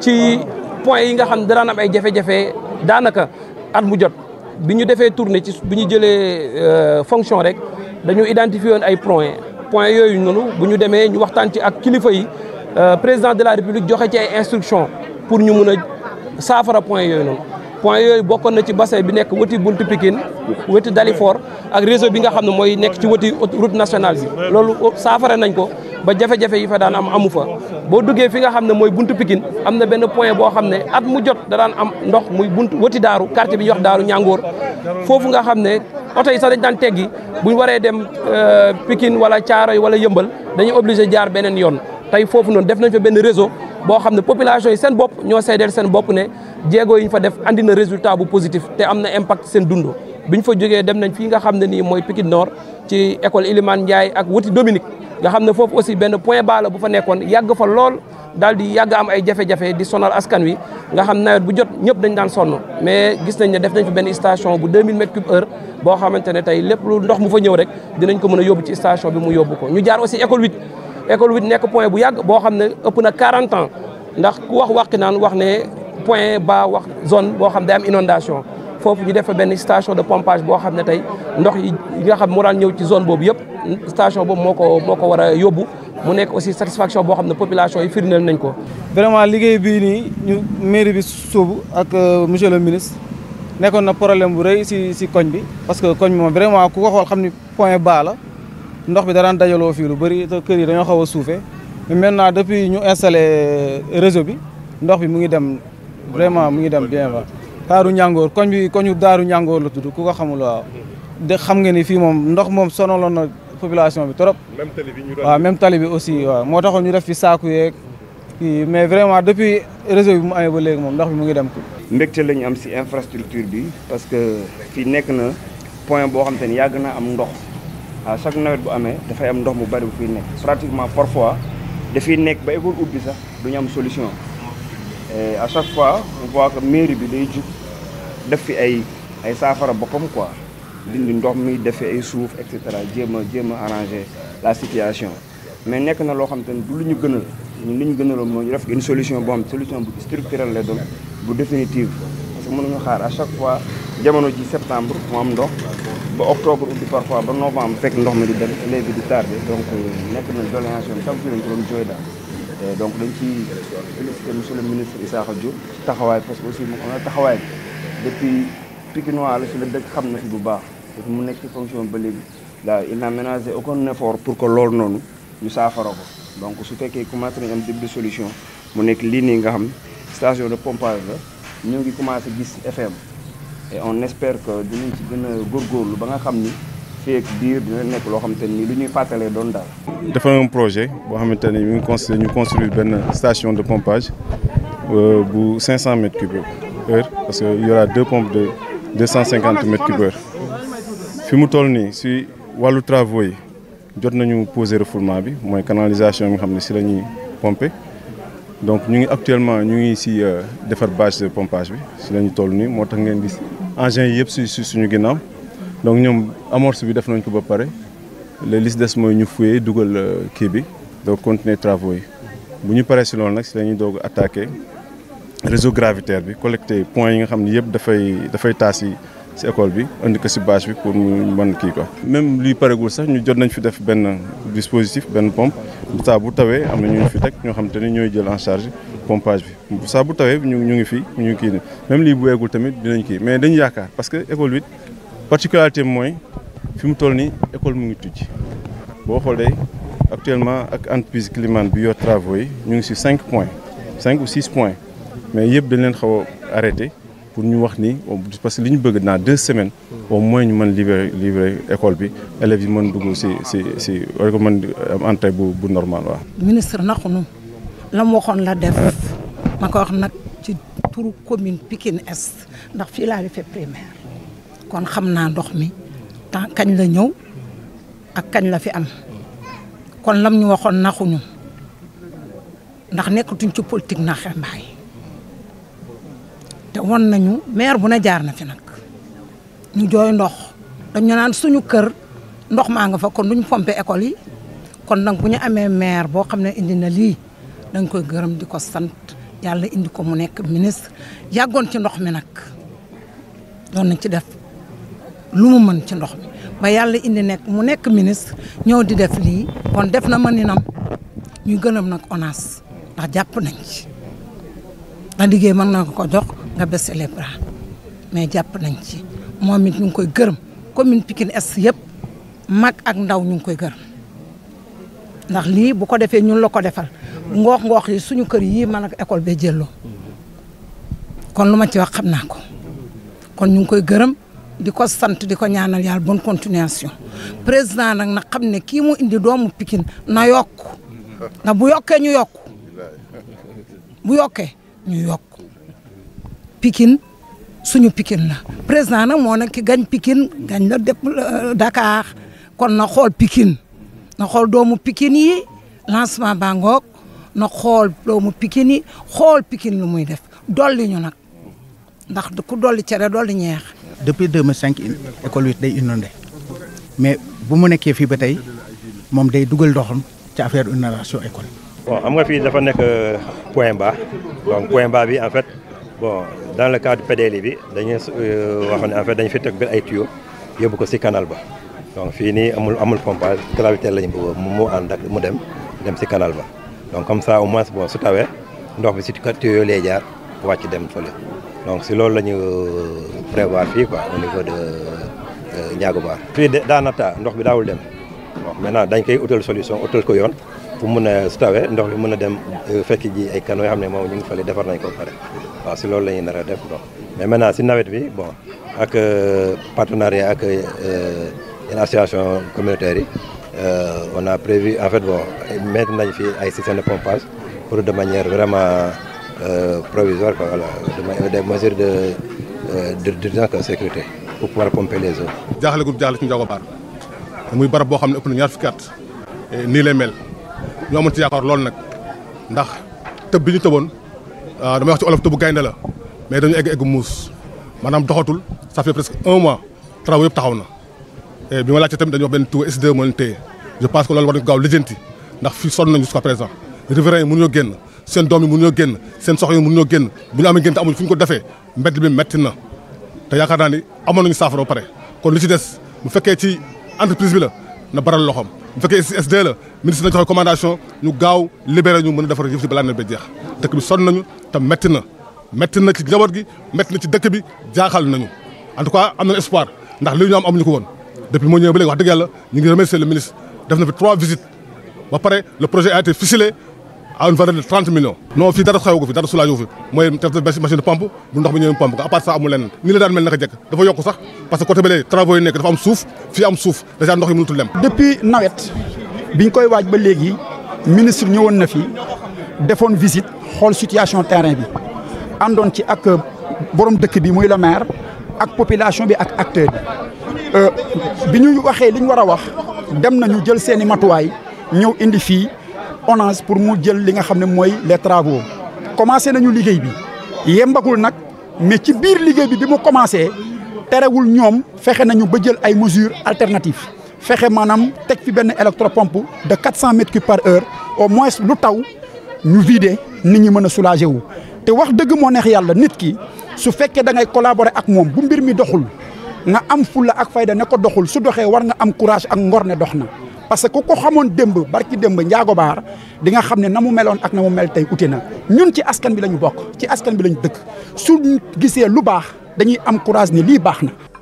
ci point yi nga xam ne danaan am ay jafe-jafe daanaka at mu jot bi ñu defee tournée ci bi ñu jëlee euh, fonction rek dañu identifié woon ay point point yooyu noonu bu ñu demee ñu waxtaan ci ak kilifa yi euh, président de la république joxe ci ay instructions pour ñu mun a saafara point yooyu noonu point yooyu bokkoon na ci bassin bi nekk wëti buntu Pikine wëti Dalifort ak réseau bi nga xam ne mooy nekk ci wëti route nationale bi loolu saafara nañ ko ba jafe-jafe yi fa daan am amu fa boo duggee fi nga xam ne mooy buntu pikin am na benn point boo xam ne at mu jot da daan am ndox muy bunt wëti daaru quartier bi ñuy wax daaru ñàngoor foofu nga xam ne oto yi sax dañ daan teggi bu ñu waree dem euh, Pikine wala yi wala Yëmbal dañuy obligé jaar beneen yoon tey foofu noonu def nañ fa benn réseau boo xam ne population yi seen bopp ñoo seedeel seen bopp ne jéego yi ñu fa def andi résultat bu positif te am na impact seen dundo bi fa jógee dem nañ fii nga xam ne nii mooy Pikine Nord ci école Ndiaye ak wuti Dominique nga xam ne foofu aussi benn point bas bu fa nekkoon yàgg fa lool daal di yàgg am ay jafe-jafe di sonal askan wi nga xam nawet bu jot ñëpp dañ daan sonn mais gis nañ ne def nañ fi benn station bu 2000 mètres cube heure boo xamante ne tey lépp lu ndox mu fa ñëw rek dinañ ko mën a yóbbu ci station bi mu yóbbu ko ñu jaar aussi école 8 école huit nekk point bu yàgg boo xam ne ëpp na 40 ans ndax ku wax Wakhinane wax ne point ba wax zone boo xam day am inondation foofu ñu def benn station de pompage boo xam ne tey ndox yi nga xam moo ñëw ci zone boobu yëpp station boobu moo ko moo ko war a yóbbu mu nekk aussi satisfaction boo xam ne population yi firndeel nañ ko. vraiment liggéey bii nii ñu mairie bi sóobu ak euh, monsieur le ministre nekkoon na problème bu rëy si si koñ bi parce que koñ bi moom vraiment ku ko xool xam ni point bas la. ndox bi daraan dajaloo fii lu bëri te kër yi dañoo xaw a suufee mais maintenant depuis ñu installé réseau bi ndox bi mu ngi dem vraiment mu ngi dem bien va taaru Njàngoor koñ bi koñu Daaru Njàngoor la tudd ku ko xamul waaw de xam nga ni fii moom ndox moom sonaloon na population bi trop waaw même tali bi aussi waaw moo taxoon ñu def fi saaku yeeg kii mais vraiment depuis réseau bi mu amee ba léegi moom ndox bi mu ngi dem ko mbégte la ñu am si infrastructure bi parce que fii nekk na point boo xam te ne na am ndox à chaque nawet bu amee dafay am ndox mu bari bu fiy nekk pratiquement parfois dafiy nekk ba école ubbi sax du ñu am solution et à chaque fois on voit que mairie bi day jug def fi ay ay saafara boppam quoi dindi ndox mi def fi ay suuf et cetera jéem a jéem a arranger la situation mais nekk na loo xam te ne du lu ñu gënal ñun li ñu gënaloon mooy ñu def une solution boo xam solution bu structurelle lay doon bu définitive parce que mënuñu xaar à chaque fois. jamono ji septembre mu am ndox ba octobre ubbi parfois ba novembre fekk ndox mi di dem léegi di tardé donc euh, nekk na doléance yoon chaque jour dañ ko doon jooy daal donc dañ ci félicité ministre Issakha Diop taxawaay parce que aussi mu xam na taxawaay depuis Pikinois la si la dëkk xam na si bu baax parce que mu nekk ci fonction ba léegi daal il n'a ménagé aucun effort pour que loolu noonu ñu saafara ko donc su fekkee commencé nañ am début de solution mu nekk lii nii nga xam station de pompage la ñu ngi commencé gis FM et on espère que dinañ ci gën a góorgóorlu ba nga xam ni fii ak biir dina nekk loo xamante ni lu ñuy fàttalee doon daal. dafa un projet boo xamante ni ñu construire ñu construire benn station de pompage euh, bu 500 mètres cubes heure parce que il y aura deux pompes de 250 mètres cubes heure fi mu toll nii si wàllu travaux yi jot nañu poser refoulement bi mooy canalisation bi nga xam ne si la ñuy pomper donc ñu ngi actuellement ñu ngi si euh, defar bâche de pompage bi si la ñu toll nii moo tax ngeen gis. engins yi yëpp si si suñu ginnaaw donc ñoom amorce bi def nañ ko ba pare le liste des mooy ñu fuyee dugal euh, kii bi donc continuer travaux yi bu ñu paree si loolu nag si la ñuy doog attaquer réseau gravitaire bi collecter point yi nga xam ne yëpp dafay dafay taas yi si école bi indi ko si bâche bi pour mu mën kii ko même luy paregul sax ñu jot nañ fi def benn dispositif benn pompe saa bu tawee am na ñu ngi fi teg ñoo xam te ne ñooy jël en charge pompage bi saa tawee ñu ñu ngi fi ñu kii nii même lii bu eggul tamit dinañ kii mais dañu yaakaar parce que école bi particularité mooy fi mu toll nii école mu ngi tujj boo xoolee actuellement ak entreprise climate bi yor travaux yi ñu ngi si cinq points cinq ou six points mais yëpp dañ leen xaw a arrêté. pour ñu wax ni parce que li ñu bëgg naa deux semaines hmm. au mooy ñu mën libéré libéré école bi élèves yi mën dugg si si si war ko mën am entrée bu bu normal waaw. ministre naxunu la mu waxoon la def ah. ma ko wax nag ci turu commune Pikine es ndax fii laa defee primaire kon xam naa ndox mi tant kañ la ñëw ak kañ la fi am kon lam ñu waxoon naxuñu ndax nekkatuñ ci politique naxe mbaay te won nañu maire bu na jaar na fi nag ñu jooy ndox dañu naan suñu kër ndox maa nga fa kon duñ pompe école yi kon nag bu ñu amee maire boo xam ne indi na lii dañ koy gërëm di ko sant yàlla indi ko mu nekk ministre yàggoon ci ndox mi nag doon nañ ci def lumu mu mën ci ndox mi ba yàlla indi nekk mu nekk ministre ñëw di def lii kon def na ma ni nam ñu gënam nag ONAS ndax jàpp nañ ci ndax liggéey mën na ko ko jox nga baissé les bras mais jàpp nañ ci moom it ñu ngi koy gërëm commune Pikine Est yëpp mag ak ndaw ñu ngi koy gërëm ndax lii bu ko defee ñun la ko defal ngoox ngoox yi suñu kër yii man ak école bee jëlloo kon lu ma ci wax xam naa ko kon ñu ngi koy gërëm di ko sant di ko ñaanal yàlla bonne continuation président nag na xam ne kii mu indi doomu Pikine na yokk na bu yokkee ñu yokk bu yokkee ñu yokk Pikine suñu Pikine la président nag moo nekk gañ Pikine gañ la def euh, Dakar kon na xool Pikine na xool doomu Pikine yi lancement bangoog na xool doomu Pikine yi xool pikin lu muy def dolli ñu nag ndax ku dolli cere dolli ñeex. depuis cinq école huit day inondé mais bu mu nekkee fii ba tey moom day dugal doxam ci affaire inondation école. bon nga fii dafa nekk euh, point bas donc point bas bi en bon dans le cas du PDL bi dañuy euh, wax ne en fait dañu fi teg ay tuyaux yóbbu ko si kanal ba donc fii nii amul amul pompage gravité lañu bëgg mu ànd ak mu dem dem si kanal ba donc comme ça au moins bon su tawee ndox bi si tuyaux yooyu lay jaar wàcc dem fële donc si loolu la ñu euh, prévoir fii quoi au niveau de euh, Ndiago Baar. fii de daanata ndox bi daawul dem bon maintenant dañ koy utal solution utal ko yoon. pour mun a su tawee ndox bi mën a dem fekk ji ay canaux yoo xam ne moom ñu ngi fële defar nañ ko pare. waaw si loolu la nara def donc mais maintenant si nawet bi bon ak euh, partenariat ak euh, une association communautaire yi euh, on a prévu en fait bon mettre nañ fi ay système de pompage pour de manière vraiment provisoire quoi voilà des mesures de de d'urgence sécurité pour pouvoir pomper les eaux. jaaxle gu jaaxle ci Ndiago Baar muy barab boo xam ne ëpp na ñaar fukki at eh, nii lay mel ñu amoon ci yaakaar loolu nag ndax tëb bi ñu tëboon. Euh, damay wax ci olof tëbu gaynde la mais dañu egg egg muus maanaam doxatul sa fait presque un mois travaux yëpp taxaw na bi ma laajte tamit dañu wax benn Touba S2 moo leen téye je pense que loolu war nañu ko gaaw lijjanti ndax fii sonn nañu jusqu'à présent riverains yi mënuñoo génn seen doom yi mënuñoo génn seen soxla yi mënuñoo génn bu ñu amee génn te amuñ fu ñu ko defee mbedd bi metti na te yaakaar naa ni amoon nañu saafara ba pare kon lu ci des bu fekkee ci entreprise bi la na baral loxoom bu fekkee SISD la ministre na joxe commandation ñu gaaw libéré ñu mën a defar yëf si balaa nawet ba jeex dëkk bi sonn nañu te metti na metti na ci njaboot gi metti na ci dëkk bi jaaxal nañu en tout cas am na espoir ndax li ñu am amuñu ko woon depuis moo ñëwee ba wax dëgg yàlla ñu ngi remercier le ministre def na fi trois visites ba pare le projet a été à une valeur de 30 millions non fii dara xew ko fi dara soulagé fi mooy def machine de bu ndox mi ñëwee pompe ko à part ça amul lenn nii la daan mel naka jekk dafa yokk sax parce que côté bële travaux yi nekk dafa am suuf fii am suuf dèjà ndox yi mënutul lem depuis nawet biñ koy waaj ba léegi ministre ñëwoon na fi defoon visit xool situation terrain bi àndoon ci ak euh, borom dëkk bi muy le maire ak population bi ak acteur bi euh, bi ñu waxee li ñu war a wax dem nañu jël seen matuwaay ñëw indi fii ONAS pour mu jël li nga xam ne mooy les travaux commencé nañu liggéey bi yembagul nag mais ci biir liggéey bi bi mu commencé terewul ñoom fexe nañu ba jël ay mesures alternatives fexe maanaam teg fi benn électropompe de quatre cent mètres cubes par heure au moins lu taw ñu vide nit ñi mën a soulager wu. te wax dëgg moo neex yàlla nit ki su fekkee da ngay collaborer ak moom bu mbir mi doxul nga am fulla ak fayda ne ko doxul su doxee war nga am courage ak ngor ne dox na. parce que ku ko xamoon démb barki démb Ndiago Baar di nga xam ne na mu meloon ak na mu mel tey ute na ñun ci askan bi la ñu bokk ci askan bi lañu dëkk su gisee lu baax dañuy am courage ne lii baax na.